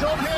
Job here.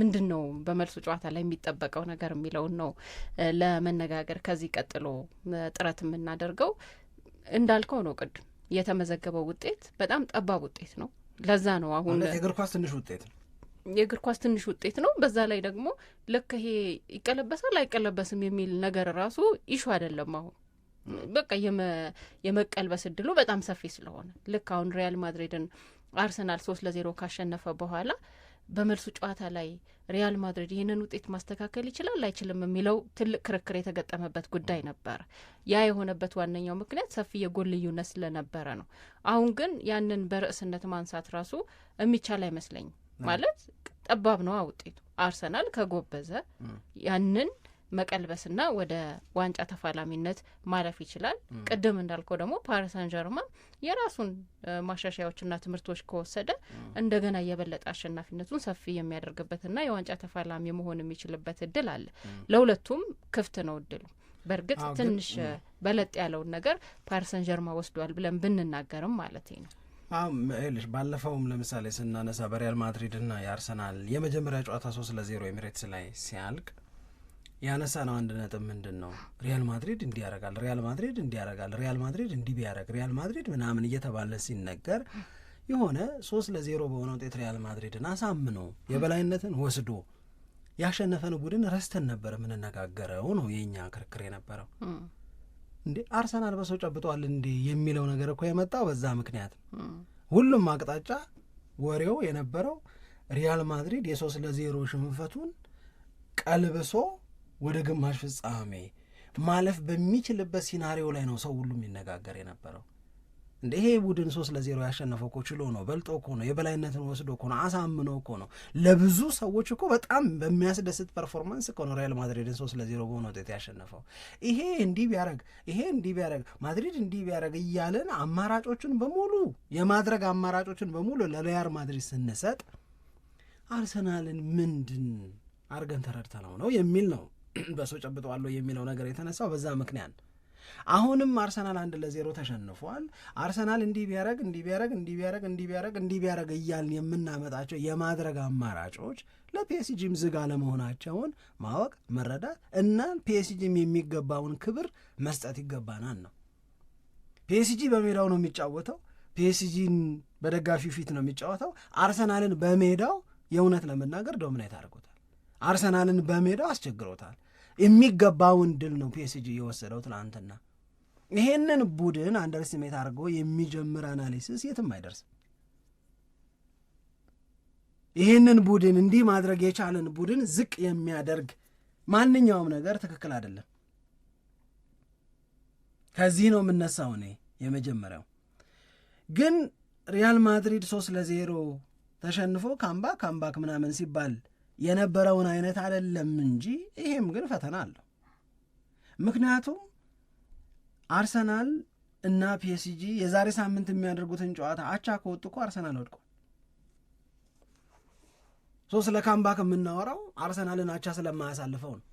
ምንድን ነው በመልሱ ጨዋታ ላይ የሚጠበቀው ነገር የሚለውን ነው ለመነጋገር ከዚህ ቀጥሎ ጥረት የምናደርገው። እንዳልከው ነው ቅድም የተመዘገበው ውጤት በጣም ጠባብ ውጤት ነው። ለዛ ነው አሁን የእግር ኳስ ትንሽ ውጤት ነው የእግር ኳስ ትንሽ ውጤት ነው። በዛ ላይ ደግሞ ልክ ይሄ ይቀለበሳል አይቀለበስም የሚል ነገር ራሱ ይሹ አይደለም። አሁን በቃ የመቀልበስ እድሉ በጣም ሰፊ ስለሆነ ልክ አሁን ሪያል ማድሪድን አርሰናል ሶስት ለዜሮ ካሸነፈ በኋላ በመልሱ ጨዋታ ላይ ሪያል ማድሪድ ይህንን ውጤት ማስተካከል ይችላል አይችልም የሚለው ትልቅ ክርክር የተገጠመበት ጉዳይ ነበር። ያ የሆነበት ዋነኛው ምክንያት ሰፊ የጎል ልዩነት ስለነበረ ነው። አሁን ግን ያንን በርዕስነት ማንሳት ራሱ የሚቻል አይመስለኝም። ማለት ጠባብ ነው ውጤቱ። አርሰናል ከጎበዘ ያንን መቀልበስና ወደ ዋንጫ ተፋላሚነት ማለፍ ይችላል። ቅድም እንዳልከው ደግሞ ፓሪሰን ጀርማ የራሱን ማሻሻያዎችና ትምህርቶች ከወሰደ እንደገና የበለጠ አሸናፊነቱን ሰፊ የሚያደርግበትና የዋንጫ ተፋላሚ መሆን የሚችልበት እድል አለ። ለሁለቱም ክፍት ነው እድሉ። በእርግጥ ትንሽ በለጥ ያለውን ነገር ፓሪሰን ጀርማ ወስዷል ብለን ብንናገርም ማለት ነው። ልሽ ባለፈውም ለምሳሌ ስናነሳ በሪያል ማድሪድና የአርሰናል የመጀመሪያ ጨዋታ ሶስት ለዜሮ ኤሚሬትስ ላይ ሲያልቅ ያነሳ ነው አንድ ነጥብ ምንድን ነው ሪያል ማድሪድ እንዲህ ያረጋል፣ ሪያል ማድሪድ እንዲህ ያረጋል፣ ሪያል ማድሪድ እንዲህ ቢያረግ፣ ሪያል ማድሪድ ምናምን እየተባለ ሲነገር የሆነ ሶስት ለዜሮ በሆነ ውጤት ሪያል ማድሪድን አሳምኖ የበላይነትን ወስዶ ያሸነፈን ቡድን ረስተን ነበር የምንነጋገረው ነው የእኛ ክርክር የነበረው። እንዴ አርሰናል በሰው ጨብጠዋል እንዴ የሚለው ነገር እኮ የመጣው በዛ ምክንያት ነው። ሁሉም አቅጣጫ ወሬው የነበረው ሪያል ማድሪድ የሶስት ለዜሮ ሽንፈቱን ቀልብሶ ወደ ግማሽ ፍጻሜ ማለፍ በሚችልበት ሲናሪዮ ላይ ነው ሰው ሁሉ የሚነጋገር የነበረው። እንደ ይሄ ቡድን ሶስት ለዜሮ ያሸነፈው እኮ ችሎ ነው፣ በልጦ እኮ ነው፣ የበላይነትን ወስዶ እኮ ነው፣ አሳምኖ እኮ ነው። ለብዙ ሰዎች እኮ በጣም በሚያስደስት ፐርፎርማንስ እኮ ነው ሪያል ማድሪድን ሶስት ለዜሮ በሆነ ውጤት ያሸነፈው። ይሄ እንዲህ ቢያደረግ፣ ይሄ እንዲህ ቢያደረግ፣ ማድሪድ እንዲህ ቢያደረግ እያለን አማራጮችን በሙሉ የማድረግ አማራጮችን በሙሉ ለሪያል ማድሪድ ስንሰጥ አርሰናልን ምንድን አርገን ተረድተ ነው ነው የሚል ነው በሰው ጨብጠዋለሁ የሚለው ነገር የተነሳው በዛ ምክንያት ነው። አሁንም አርሰናል አንድ ለዜሮ ተሸንፏል። አርሰናል እንዲህ ቢያረግ እንዲህ ቢያረግ እንዲህ ቢያረግ እንዲህ ቢያረግ እንዲህ ቢያረግ እያልን የምናመጣቸው የማድረግ አማራጮች ለፒኤስጂም ዝግ አለመሆናቸውን ማወቅ መረዳት እና ፒኤስጂም የሚገባውን ክብር መስጠት ይገባናል ነው። ፒኤስጂ በሜዳው ነው የሚጫወተው። ፒኤስጂን በደጋፊው ፊት ነው የሚጫወተው። አርሰናልን በሜዳው የእውነት ለመናገር ዶሚኔት አድርጎታል። አርሰናልን በሜዳው አስቸግሮታል። የሚገባውን ድል ነው ፒኤስጂ የወሰደው ትናንትና። ይሄንን ቡድን አንደር ስሜት አድርጎ የሚጀምር አናሊሲስ የትም አይደርስም። ይህንን ቡድን እንዲህ ማድረግ የቻለን ቡድን ዝቅ የሚያደርግ ማንኛውም ነገር ትክክል አይደለም። ከዚህ ነው የምነሳው እኔ የመጀመሪያው ግን ሪያል ማድሪድ ሶስት ለዜሮ ተሸንፎ ካምባክ ካምባክ ምናምን ሲባል የነበረውን አይነት አይደለም እንጂ ይሄም ግን ፈተና አለው። ምክንያቱም አርሰናል እና ፒኤስጂ የዛሬ ሳምንት የሚያደርጉትን ጨዋታ አቻ ከወጡ እኮ አርሰናል ወድቋል። ሶ ስለ ካምባክ የምናወራው አርሰናልን አቻ ስለማያሳልፈው ነው።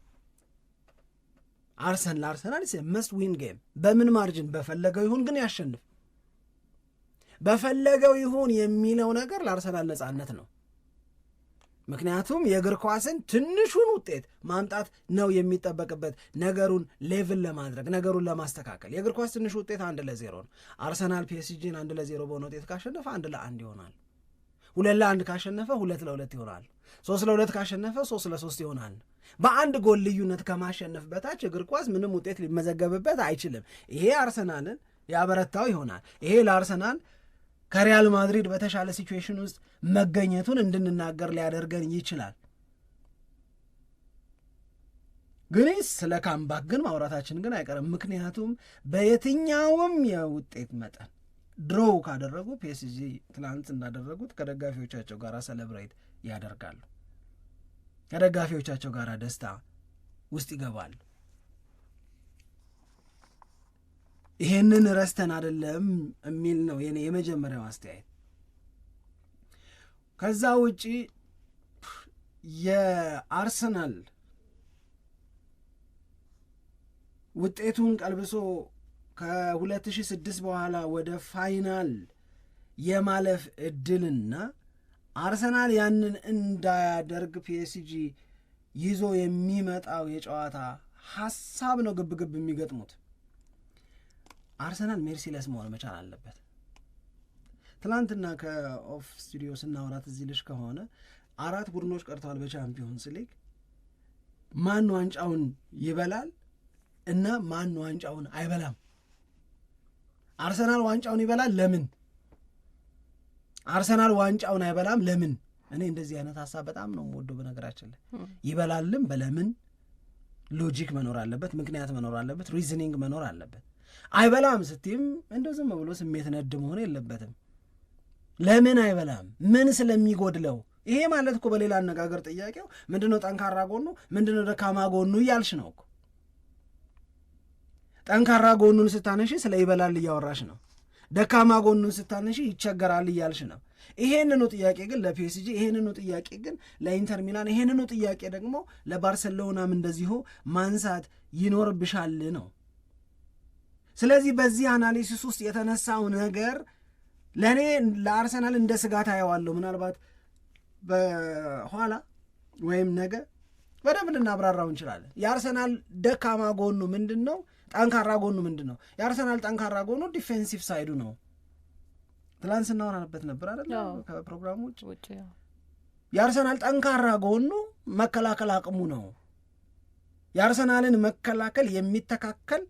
አርሰን ለአርሰናል መስት ዊን ጌም በምን ማርጅን በፈለገው ይሁን ግን ያሸንፍ በፈለገው ይሁን የሚለው ነገር ለአርሰናል ነጻነት ነው። ምክንያቱም የእግር ኳስን ትንሹን ውጤት ማምጣት ነው የሚጠበቅበት፣ ነገሩን ሌቭል ለማድረግ ነገሩን ለማስተካከል። የእግር ኳስ ትንሹ ውጤት አንድ ለዜሮ ነው። አርሰናል ፒኤስጂን አንድ ለዜሮ በሆነ ውጤት ካሸነፈ አንድ ለአንድ ይሆናል። ሁለት ለአንድ ካሸነፈ ሁለት ለሁለት ይሆናል። ሶስት ለሁለት ካሸነፈ ሶስት ለሶስት ይሆናል። በአንድ ጎል ልዩነት ከማሸነፍ በታች እግር ኳስ ምንም ውጤት ሊመዘገብበት አይችልም። ይሄ አርሰናልን ያበረታው ይሆናል። ይሄ ለአርሰናል ከሪያል ማድሪድ በተሻለ ሲቹዌሽን ውስጥ መገኘቱን እንድንናገር ሊያደርገን ይችላል። ግን ስለ ካምባክ ግን ማውራታችን ግን አይቀርም። ምክንያቱም በየትኛውም የውጤት መጠን ድሮ ካደረጉ ፒኤስጂ ትናንት እንዳደረጉት ከደጋፊዎቻቸው ጋር ሰለብሬት ያደርጋሉ። ከደጋፊዎቻቸው ጋር ደስታ ውስጥ ይገባሉ። ይሄንን ረስተን አይደለም የሚል ነው የኔ የመጀመሪያው አስተያየት። ከዛ ውጪ የአርሰናል ውጤቱን ቀልብሶ ከ2006 በኋላ ወደ ፋይናል የማለፍ እድልና አርሰናል ያንን እንዳያደርግ ፒኤስጂ ይዞ የሚመጣው የጨዋታ ሀሳብ ነው ግብግብ የሚገጥሙት። አርሰናል ሜርሲለስ መሆን መቻል አለበት። ትናንትና ከኦፍ ስቱዲዮ ስናወራት እዚህ ልሽ ከሆነ አራት ቡድኖች ቀርተዋል በቻምፒዮንስ ሊግ። ማን ዋንጫውን ይበላል እና ማን ዋንጫውን አይበላም? አርሰናል ዋንጫውን ይበላል ለምን? አርሰናል ዋንጫውን አይበላም ለምን? እኔ እንደዚህ አይነት ሀሳብ በጣም ነው የምወደው። በነገራችን ላይ ይበላልም በለምን ሎጂክ መኖር አለበት፣ ምክንያት መኖር አለበት፣ ሪዝኒንግ መኖር አለበት። አይበላም ስትም እንደ ዝም ብሎ ስሜት ነድ መሆን የለበትም። ለምን አይበላም? ምን ስለሚጎድለው? ይሄ ማለት እኮ በሌላ አነጋገር ጥያቄው ምንድነው ጠንካራ ጎኑ ምንድነው ደካማ ጎኑ እያልሽ ነው እኮ። ጠንካራ ጎኑን ስታነሺ ስለ ይበላል እያወራሽ ነው። ደካማ ጎኑን ስታነሺ ይቸገራል እያልሽ ነው። ይሄንኑ ጥያቄ ግን ለፒኤስጂ፣ ይሄንኑ ጥያቄ ግን ለኢንተር ሚላን፣ ይሄንኑ ጥያቄ ደግሞ ለባርሰሎናም እንደዚሁ ማንሳት ይኖርብሻል ነው ስለዚህ በዚህ አናሊሲስ ውስጥ የተነሳው ነገር ለእኔ ለአርሰናል እንደ ስጋት አየዋለሁ። ምናልባት በኋላ ወይም ነገ በደንብ ልናብራራው እንችላለን። የአርሰናል ደካማ ጎኑ ምንድን ነው? ጠንካራ ጎኑ ምንድን ነው? የአርሰናል ጠንካራ ጎኑ ዲፌንሲቭ ሳይዱ ነው። ትላንት ስናወራበት ነበር አይደል? ከፕሮግራሙ ውጭ የአርሰናል ጠንካራ ጎኑ መከላከል አቅሙ ነው። የአርሰናልን መከላከል የሚተካከል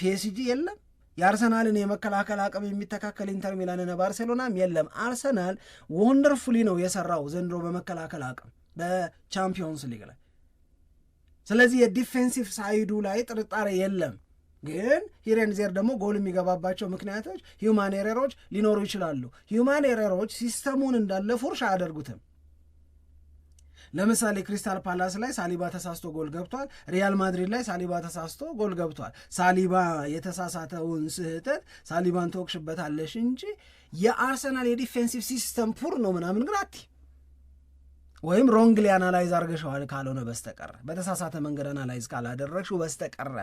ፒኤስጂ የለም። የአርሰናልን የመከላከል አቅም የሚተካከል ኢንተር ሚላንና ባርሴሎናም የለም። አርሰናል ወንደርፉሊ ነው የሰራው ዘንድሮ በመከላከል አቅም በቻምፒዮንስ ሊግ ላይ። ስለዚህ የዲፌንሲቭ ሳይዱ ላይ ጥርጣሬ የለም። ግን ሂሬንዜር ደግሞ ጎል የሚገባባቸው ምክንያቶች ሂዩማን ኤረሮች ሊኖሩ ይችላሉ። ሂዩማን ኤረሮች ሲስተሙን እንዳለ ፉርሽ አያደርጉትም። ለምሳሌ ክሪስታል ፓላስ ላይ ሳሊባ ተሳስቶ ጎል ገብቷል። ሪያል ማድሪድ ላይ ሳሊባ ተሳስቶ ጎል ገብቷል። ሳሊባ የተሳሳተውን ስህተት ሳሊባን ተወቅሽበታለሽ እንጂ የአርሰናል የዲፌንሲቭ ሲስተም ፑር ነው ምናምን ግን አቲ ወይም ሮንግሊ አናላይዝ አርገሸዋል ካልሆነ በስተቀረ በተሳሳተ መንገድ አናላይዝ ካላደረግሽው በስተቀረ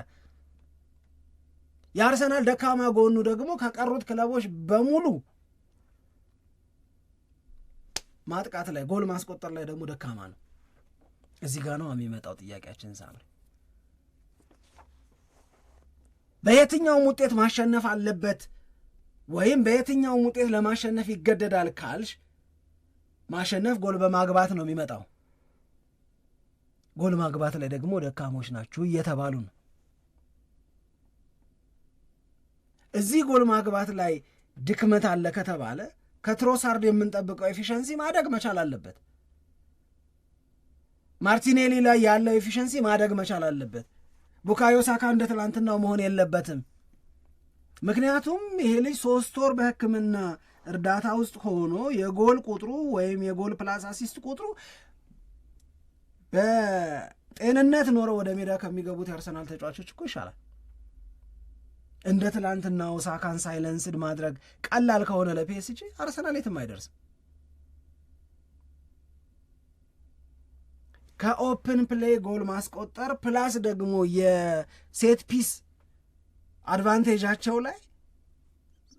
የአርሰናል ደካማ ጎኑ ደግሞ ከቀሩት ክለቦች በሙሉ ማጥቃት ላይ ጎል ማስቆጠር ላይ ደግሞ ደካማ ነው። እዚህ ጋር ነው የሚመጣው ጥያቄያችን ሳምሪ። በየትኛውም ውጤት ማሸነፍ አለበት ወይም በየትኛውም ውጤት ለማሸነፍ ይገደዳል ካልሽ ማሸነፍ ጎል በማግባት ነው የሚመጣው። ጎል ማግባት ላይ ደግሞ ደካሞች ናችሁ እየተባሉ ነው። እዚህ ጎል ማግባት ላይ ድክመት አለ ከተባለ ከትሮሳርድ የምንጠብቀው ኤፊሽንሲ ማደግ መቻል አለበት። ማርቲኔሊ ላይ ያለው ኤፊሽንሲ ማደግ መቻል አለበት። ቡካዮ ሳካ እንደ ትላንትናው መሆን የለበትም። ምክንያቱም ይሄ ልጅ ሶስት ወር በሕክምና እርዳታ ውስጥ ሆኖ የጎል ቁጥሩ ወይም የጎል ፕላስ አሲስት ቁጥሩ በጤንነት ኖረው ወደ ሜዳ ከሚገቡት የአርሰናል ተጫዋቾች እኮ ይሻላል። እንደ ትላንትና ኦሳካን ሳይለንስድ ማድረግ ቀላል ከሆነ ለፒኤስጂ አርሰናል የትም አይደርስም። ከኦፕን ፕሌይ ጎል ማስቆጠር ፕላስ ደግሞ የሴት ፒስ አድቫንቴጃቸው ላይ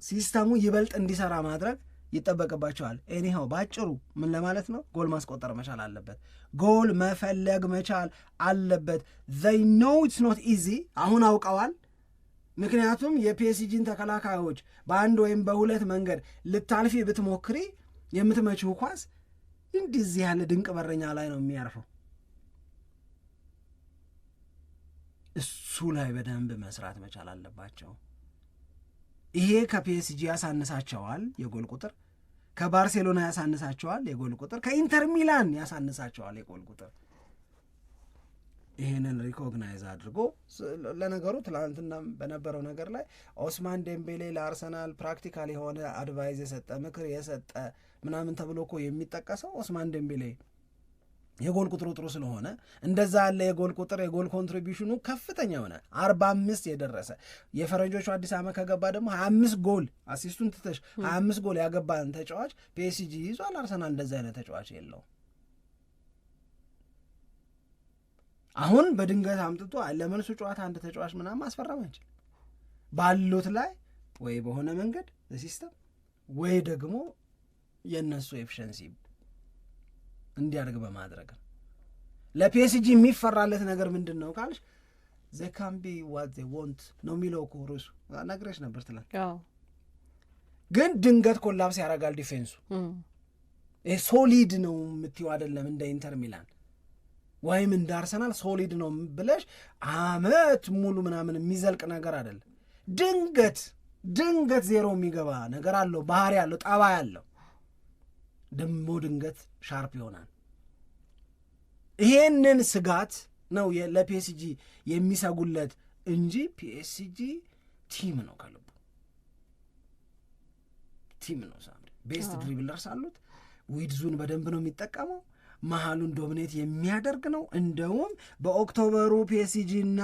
ሲስተሙ ይበልጥ እንዲሰራ ማድረግ ይጠበቅባቸዋል። ኤኒሃው በአጭሩ ምን ለማለት ነው? ጎል ማስቆጠር መቻል አለበት። ጎል መፈለግ መቻል አለበት። ዘይ ኖው ኢትስ ኖት ኢዚ አሁን አውቀዋል። ምክንያቱም የፒኤስጂን ተከላካዮች በአንድ ወይም በሁለት መንገድ ልታልፊ ብትሞክሪ የምትመችው ኳስ እንዲዚህ ያለ ድንቅ በረኛ ላይ ነው የሚያርፈው። እሱ ላይ በደንብ መስራት መቻል አለባቸው። ይሄ ከፒኤስጂ ያሳንሳቸዋል የጎል ቁጥር፣ ከባርሴሎና ያሳንሳቸዋል የጎል ቁጥር፣ ከኢንተር ሚላን ያሳንሳቸዋል የጎል ቁጥር ይሄንን ሪኮግናይዝ አድርጎ ለነገሩ ትላንትና በነበረው ነገር ላይ ኦስማን ዴምቤሌ ለአርሰናል ፕራክቲካል የሆነ አድቫይዝ የሰጠ ምክር የሰጠ ምናምን ተብሎ እኮ የሚጠቀሰው ኦስማን ዴምቤሌ የጎል ቁጥሩ ጥሩ ስለሆነ እንደዛ ያለ የጎል ቁጥር የጎል ኮንትሪቢሽኑ ከፍተኛ የሆነ አርባ አምስት የደረሰ የፈረንጆቹ አዲስ ዓመት ከገባ ደግሞ ሀያ አምስት ጎል አሲስቱን ትተሽ ሀያ አምስት ጎል ያገባን ተጫዋች ፒኤስጂ ይዟል። አርሰናል እንደዚ አይነት ተጫዋች የለውም። አሁን በድንገት አምጥቶ ለመልሱ ጨዋታ አንድ ተጫዋች ምናምን ማስፈረም አይችል ባሉት ላይ ወይ በሆነ መንገድ ሲስተም ወይ ደግሞ የእነሱ ኤፊሸንሲ እንዲያድግ በማድረግ ነው። ለፒኤስጂ የሚፈራለት ነገር ምንድን ነው ካልሽ ዘካምቢ ዋት ዜ ወንት ነው የሚለው እኮ ርዕሱ ነግሬሽ ነበር ትላል። ግን ድንገት ኮላፕስ ያደርጋል ዲፌንሱ። ሶሊድ ነው የምትይው አይደለም እንደ ኢንተር ሚላን ወይም እንደ አርሰናል ሶሊድ ነው ብለሽ አመት ሙሉ ምናምን የሚዘልቅ ነገር አይደለም። ድንገት ድንገት ዜሮ የሚገባ ነገር አለው፣ ባህሪ አለው፣ ጠባይ አለው። ደሞ ድንገት ሻርፕ ይሆናል። ይሄንን ስጋት ነው ለፒኤስጂ የሚሰጉለት እንጂ ፒኤስጂ ቲም ነው፣ ከልቡ ቲም ነው። ቤስት ድሪብለርስ አሉት። ዊድዙን በደንብ ነው የሚጠቀመው። መሀሉን ዶሚኔት የሚያደርግ ነው። እንደውም በኦክቶበሩ ፒኤስጂና እና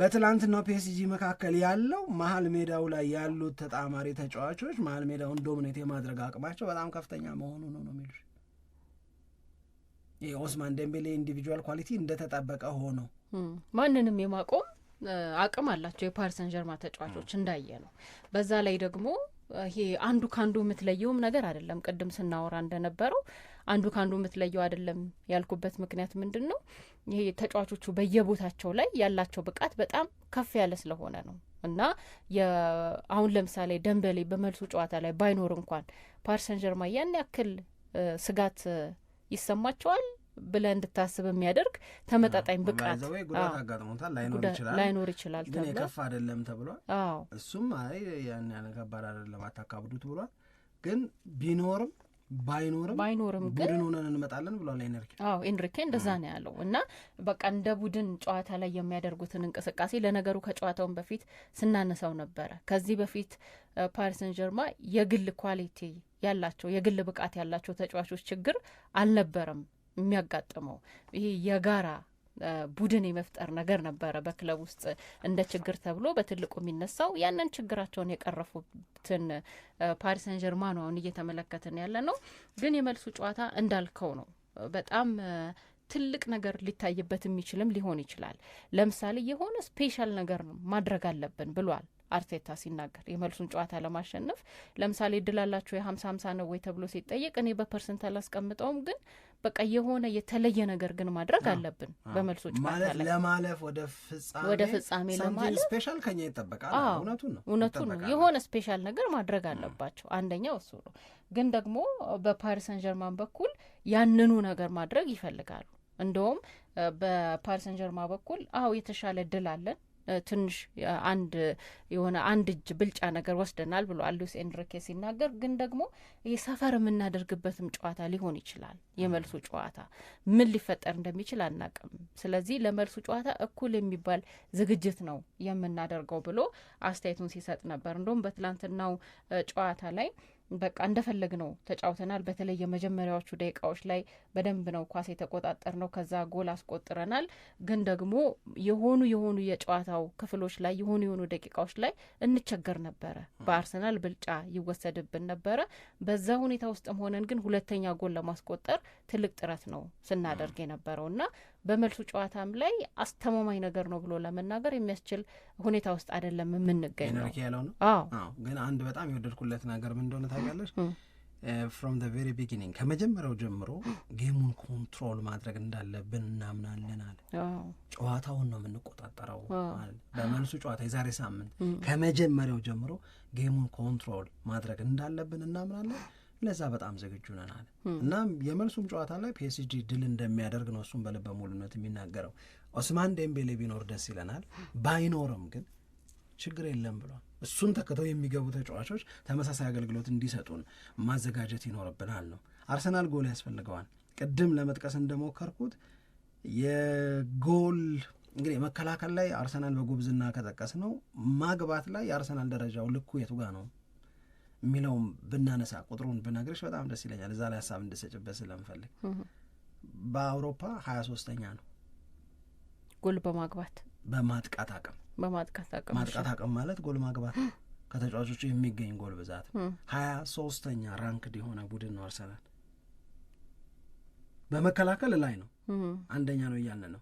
በትላንትናው ፒኤስጂ መካከል ያለው መሀል ሜዳው ላይ ያሉት ተጣማሪ ተጫዋቾች መሀል ሜዳውን ዶሚኔት የማድረግ አቅማቸው በጣም ከፍተኛ መሆኑ ነው ነው የሚሉት። ኦስማን ደምቤሌ ኢንዲቪጁዋል ኳሊቲ እንደተጠበቀ ሆኖ ማንንም የማቆም አቅም አላቸው የፓሪሰን ጀርማ ተጫዋቾች እንዳየ ነው። በዛ ላይ ደግሞ ይሄ አንዱ ከአንዱ የምትለየውም ነገር አይደለም። ቅድም ስናወራ እንደነበረው አንዱ ከአንዱ የምትለየው አይደለም ያልኩበት ምክንያት ምንድን ነው? ይሄ ተጫዋቾቹ በየቦታቸው ላይ ያላቸው ብቃት በጣም ከፍ ያለ ስለሆነ ነው። እና አሁን ለምሳሌ ደንበሌ በመልሱ ጨዋታ ላይ ባይኖር እንኳን ፓሪስ ጀርማ ያን ያክል ስጋት ይሰማቸዋል ብለ እንድታስብ የሚያደርግ ተመጣጣኝ ብቃት አጋጥሞታል ላይኖር ይችላል፣ ግን የከፍ አይደለም ተብሏል። እሱም አይ ያን ያነ ከባድ አይደለም አታካብዱት ብሏል። ግን ቢኖርም ባይኖርም ባይኖርም ግን ቡድን ሆነን እንመጣለን ብሏል ኤንሪኬ። አዎ ኤንሪኬ እንደዛ ነው ያለው እና በቃ እንደ ቡድን ጨዋታ ላይ የሚያደርጉትን እንቅስቃሴ ለነገሩ ከጨዋታውን በፊት ስናነሳው ነበረ። ከዚህ በፊት ፓሪሰን ጀርማ የግል ኳሊቲ ያላቸው የግል ብቃት ያላቸው ተጫዋቾች ችግር አልነበረም የሚያጋጥመው ይሄ የጋራ ቡድን የመፍጠር ነገር ነበረ በክለብ ውስጥ እንደ ችግር ተብሎ በትልቁ የሚነሳው ያንን ችግራቸውን የቀረፉትን ፓሪስ ሰን አሁን እየተመለከትን ያለ ነው። ግን የመልሱ ጨዋታ እንዳልከው ነው በጣም ትልቅ ነገር ሊታይበት የሚችልም ሊሆን ይችላል። ለምሳሌ የሆነ ስፔሻል ነገር ማድረግ አለብን ብሏል አርቴታ ሲናገር የመልሱን ጨዋታ ለማሸነፍ ለምሳሌ እድል አላቸው የሀምሳ ሀምሳ ነው ወይ ተብሎ ሲጠየቅ እኔ በፐርሰንት አላስቀምጠውም፣ ግን በቃ የሆነ የተለየ ነገር ግን ማድረግ አለብን በመልሱ ጨዋታ ለማለፍ ወደ ፍጻሜ ለማለፍ ስፔሻል ከኛ ይጠበቃል። ነው ነው። የሆነ ስፔሻል ነገር ማድረግ አለባቸው። አንደኛው እሱ ነው። ግን ደግሞ በፓሪስ ሰን ጀርማን በኩል ያንኑ ነገር ማድረግ ይፈልጋሉ። እንደውም በፓሪስ ሰን ጀርማ በኩል አዎ የተሻለ ድል አለን ትንሽ አንድ የሆነ አንድ እጅ ብልጫ ነገር ወስደናል ብሏል ሉስ ኤንድሪኬ ሲናገር። ግን ደግሞ ይህ ሰፈር የምናደርግበትም ጨዋታ ሊሆን ይችላል። የመልሱ ጨዋታ ምን ሊፈጠር እንደሚችል አናቅም። ስለዚህ ለመልሱ ጨዋታ እኩል የሚባል ዝግጅት ነው የምናደርገው ብሎ አስተያየቱን ሲሰጥ ነበር። እንደውም በትላንትናው ጨዋታ ላይ በቃ እንደፈለግ ነው ተጫውተናል። በተለይ የመጀመሪያዎቹ ደቂቃዎች ላይ በደንብ ነው ኳስ የተቆጣጠር ነው። ከዛ ጎል አስቆጥረናል። ግን ደግሞ የሆኑ የሆኑ የጨዋታው ክፍሎች ላይ የሆኑ የሆኑ ደቂቃዎች ላይ እንቸገር ነበረ። በአርሰናል ብልጫ ይወሰድብን ነበረ። በዛ ሁኔታ ውስጥም ሆነን ግን ሁለተኛ ጎል ለማስቆጠር ትልቅ ጥረት ነው ስናደርግ የነበረው እና በመልሱ ጨዋታም ላይ አስተማማኝ ነገር ነው ብሎ ለመናገር የሚያስችል ሁኔታ ውስጥ አይደለም የምንገኝ ያለው ነው። አዎ ግን አንድ በጣም የወደድኩለት ነገር ምን እንደሆነ ታውቂያለሽ? ፍሮም ዘ ቬሪ ቢጊኒንግ ከመጀመሪያው ጀምሮ ጌሙን ኮንትሮል ማድረግ እንዳለብን እናምናለን አለ። ጨዋታውን ነው የምንቆጣጠረው። በመልሱ ጨዋታ የዛሬ ሳምንት ከመጀመሪያው ጀምሮ ጌሙን ኮንትሮል ማድረግ እንዳለብን እናምናለን ለዛ በጣም ዝግጁ ነን አለ። እናም የመልሱም ጨዋታ ላይ ፒኤስጂ ድል እንደሚያደርግ ነው እሱም በልበ ሙሉነት የሚናገረው። ኦስማን ዴምቤሌ ቢኖር ደስ ይለናል፣ ባይኖርም ግን ችግር የለም ብሏል። እሱን ተክተው የሚገቡ ተጫዋቾች ተመሳሳይ አገልግሎት እንዲሰጡን ማዘጋጀት ይኖርብናል ነው። አርሰናል ጎል ያስፈልገዋል። ቅድም ለመጥቀስ እንደሞከርኩት የጎል እንግዲህ መከላከል ላይ አርሰናል በጉብዝና ከጠቀስ ነው ማግባት ላይ የአርሰናል ደረጃው ልኩ የቱ ጋ ነው? የሚለውም ብናነሳ ቁጥሩን ብነግርሽ በጣም ደስ ይለኛል። እዛ ላይ ሀሳብ እንድሰጭበት ስለምፈልግ በአውሮፓ ሀያ ሶስተኛ ነው ጎል በማግባት በማጥቃት አቅም በማጥቃት አቅም ማጥቃት አቅም ማለት ጎል ማግባት ከተጫዋቾቹ የሚገኝ ጎል ብዛት ሀያ ሶስተኛ ራንክድ የሆነ ቡድን ነው አርሰናል። በመከላከል ላይ ነው አንደኛ ነው እያለ ነው።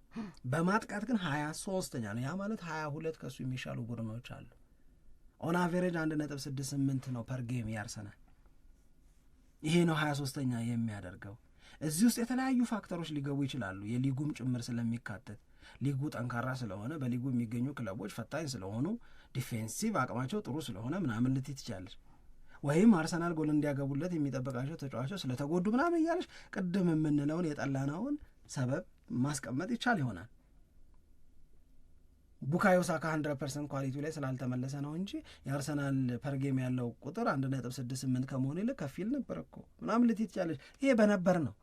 በማጥቃት ግን ሀያ ሶስተኛ ነው። ያ ማለት ሀያ ሁለት ከእሱ የሚሻሉ ቡድኖች አሉ። ኦን አቨሬጅ አንድ ነጥብ ስድስት ስምንት ነው ፐር ጌም ያርሰናል። ይሄ ነው ሀያ ሶስተኛ የሚያደርገው። እዚህ ውስጥ የተለያዩ ፋክተሮች ሊገቡ ይችላሉ። የሊጉም ጭምር ስለሚካተት ሊጉ ጠንካራ ስለሆነ በሊጉ የሚገኙ ክለቦች ፈታኝ ስለሆኑ ዲፌንሲቭ አቅማቸው ጥሩ ስለሆነ ምናምን ልትይ ትችላለች። ወይም አርሰናል ጎል እንዲያገቡለት የሚጠበቃቸው ተጫዋቾች ስለተጎዱ ምናምን እያለች ቅድም የምንለውን የጠላናውን ሰበብ ማስቀመጥ ይቻል ይሆናል። ቡካዮ ሳካ 100 ፐርሰንት ኳሊቲ ላይ ስላልተመለሰ ነው እንጂ የአርሰናል ፐርጌም ያለው ቁጥር ስምንት ከመሆኑ ይልቅ ከፊል ነበር እኮ ምናምን ልት ትቻለች። ይሄ በነበር ነው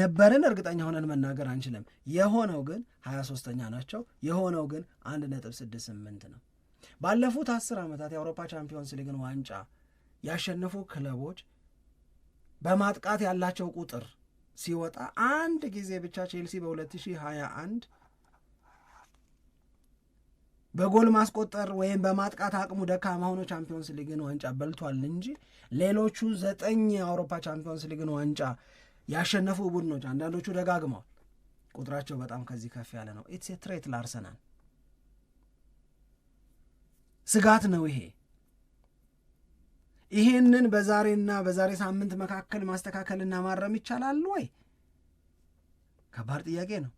ነበርን እርግጠኛ ሆነን መናገር አንችልም። የሆነው ግን 23 ሶስተኛ ናቸው። የሆነው ግን አንድ ስምንት ነው። ባለፉት አስር ዓመታት የአውሮፓ ቻምፒዮንስ ሊግን ዋንጫ ያሸነፉ ክለቦች በማጥቃት ያላቸው ቁጥር ሲወጣ አንድ ጊዜ ብቻ ቼልሲ በ2021 በጎል ማስቆጠር ወይም በማጥቃት አቅሙ ደካማ ሆኖ ቻምፒዮንስ ሊግን ዋንጫ በልቷል እንጂ ሌሎቹ ዘጠኝ የአውሮፓ ቻምፒዮንስ ሊግን ዋንጫ ያሸነፉ ቡድኖች አንዳንዶቹ ደጋግመዋል። ቁጥራቸው በጣም ከዚህ ከፍ ያለ ነው። ኢትስ ትሬት ላርሰናል ስጋት ነው ይሄ። ይሄንን በዛሬና በዛሬ ሳምንት መካከል ማስተካከልና ማረም ይቻላል ወይ? ከባድ ጥያቄ ነው።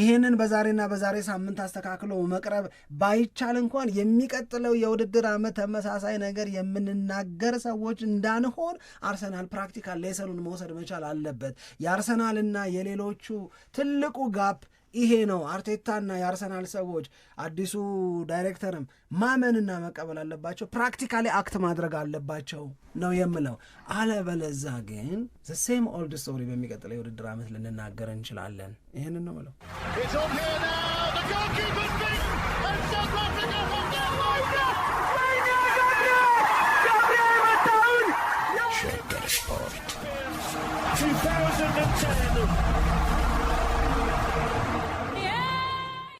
ይህንን በዛሬና በዛሬ ሳምንት አስተካክሎ መቅረብ ባይቻል እንኳን የሚቀጥለው የውድድር ዓመት ተመሳሳይ ነገር የምንናገር ሰዎች እንዳንሆን አርሰናል ፕራክቲካል ሌሰኑን መውሰድ መቻል አለበት። የአርሰናልና የሌሎቹ ትልቁ ጋፕ ይሄ ነው አርቴታና የአርሰናል ሰዎች አዲሱ ዳይሬክተርም ማመንና መቀበል አለባቸው። ፕራክቲካሊ አክት ማድረግ አለባቸው ነው የምለው። አለበለዛ ግን ዘሴም ኦልድ ስቶሪ በሚቀጥለው የውድድር ዓመት ልንናገር እንችላለን። ይህን ነው ምለው።